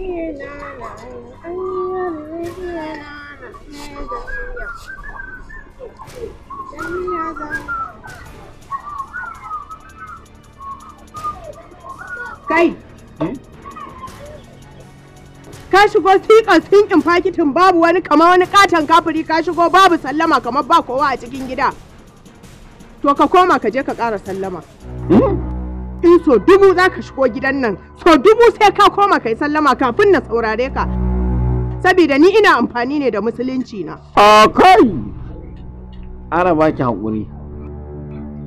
kai eh? ka shigo tikas tinkin fakitin babu wani kama wani katon kafiri ka shigo babu sallama kamar ba kowa a cikin gida to ka koma ka je ka ƙara sallama hmm? in so dubu za ka shigo gidan nan so dubu sai ka koma kai sallama kafin na saurare ka saboda ni ina amfani ne da musulunci na a kai ba ki hakuri.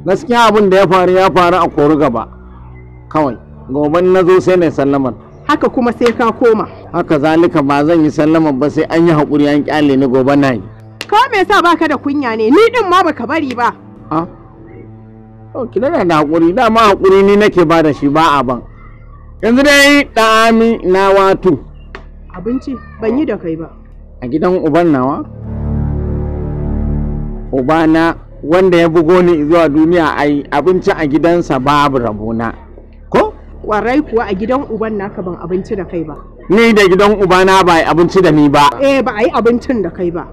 gaskiya abin da ya faru ya faru a kori gaba kawai goban na zo sai na sallamar haka kuma sai ka koma haka zalika ba zan yi sallamar ba sai an yi hakuri an kyale ni gobe na yi kawai me yasa baka da kunya ne ni din ma baka bari ba ki haƙuri, da hakuri dama hakuri ni nake ba da shi ba a ban yanzu dai ɗa'ami na watu abinci ban yi da kai ba a gidan uban nawa ubana wanda ya bugo ni zuwa duniya ai abinci a gidansa babu rabona ko warai kuwa a gidan uban naka ban abinci da kai ba ni da gidan ubana ba yi abinci da ni ba eh ba a yi abincin da kai ba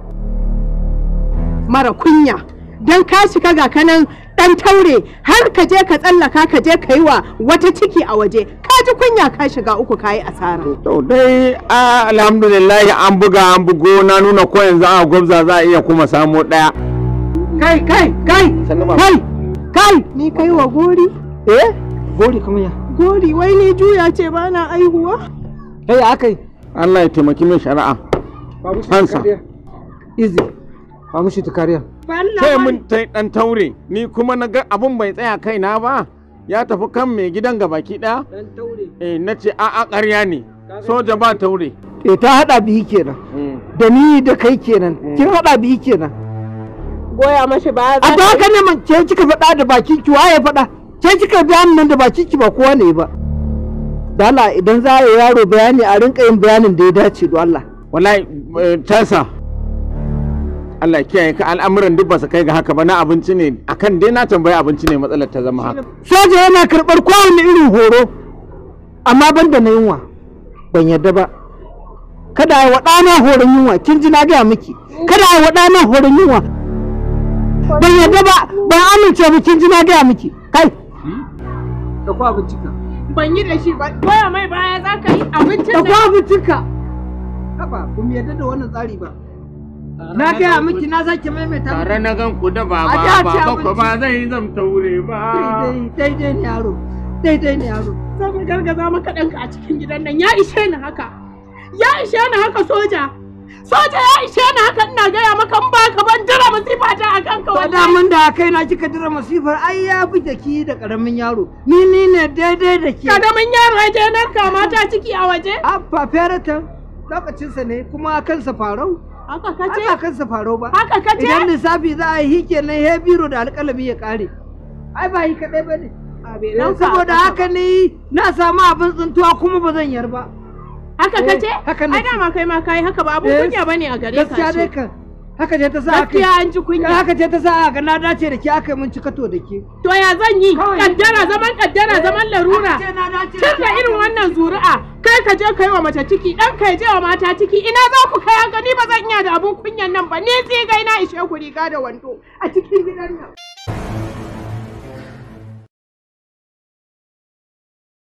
mara kunya don ka shiga ga kanan dan taure har ka je ka tsallaka ka je ka yi wa wata ciki a waje ka ji kunya ka shiga uku ka yi asara. to dai alhamdulillah an buga an bugo na nuna ko yanzu a gwabza za a iya kuma samo daya. kai kai kai kai kai ni kai wa gori. eh gori kuma ya. gori wai ni juya ce ba na aihuwa. kai akai. Allah ya taimaki min shari'a. Hansa. Izi. ba mishi kariya. sai mun ta dan taure ni kuma na ga abun bai tsaya kaina ba ya tafi kan mai gidan ga baki daya eh na ce a a ƙarya ne soja ba taure eh ta hada biyu kenan hmm. da ni da kai kenan hmm. kin hada biyu kenan goya mashi ba a ba haka ne man ce kika faɗa da bakin ki waye faɗa ce kika bayanin nan da bakin ki ba kowa ne ba dala idan za a yi yaro bayani a rinka yin bayanin da ya dace da Allah wallahi eh, tasa Allah kiyaye ka al'amuran duk ba su kai ga haka ba na abinci ne akan dai na tambaya abinci ne matsalar ta zama haka soja yana karɓar kowane irin horo amma ban da na yunwa ban yarda ba kada a waɗana horon yunwa kin ji na gaya miki kada a waɗana horon yunwa ban yarda ba ban amince ba kin ji na gaya miki kai da kwa abinci ka ban yi da shi ba koya mai baya za ka yi abincin da ku abinci ka haba ba mu da wannan tsari ba na gaya miki na zaki maimaita tare na gan ku da baba baba ko ba zai zamta taure ba daidai ne yaro daidai ne yaro za mu gargaza maka ɗanka a cikin gidan nan ya ishe ni haka ya ishe ni haka soja soja ya ishe ni haka ina gaya maka in ba ka ban jira masifa ta a kanka wallahi da mun da kai na kika jira masifar ai ya fi da ki da karamin yaro ni ni ne daidai da ke karamin yaro ya je narka mata ciki a waje abba feratan lokacinsa ne kuma kansa farau Haka ka ce? Haka kansa faro ba. Haka ka ce? Idan lissafi za a yi kenan he biro da alƙalami ya ƙare. Ai ba yi kaɗai ba ne. Saboda haka ne na samu abin tsintuwa kuma ba zan yar ba. Haka ka eh, ce? Haka ne. Ai dama kai ma kai haka ba abun eh, kunya ba ne a gare ka. Gaskiya dai kan. haka ce ta sa aka gaskiya an ji kunya haka ce ta sa aka na dace da ke aka mun cikato da ke to ya zan yi kaddara zaman kaddara eh, zaman larura tun da irin wannan zuri'a ka je ka yi wa mace ciki dan ka je wa mata ciki ina za ku kai gani ba zan iya da abun kunyan nan ba ni tsigai na ishe ku riga da wando a cikin gidan nan.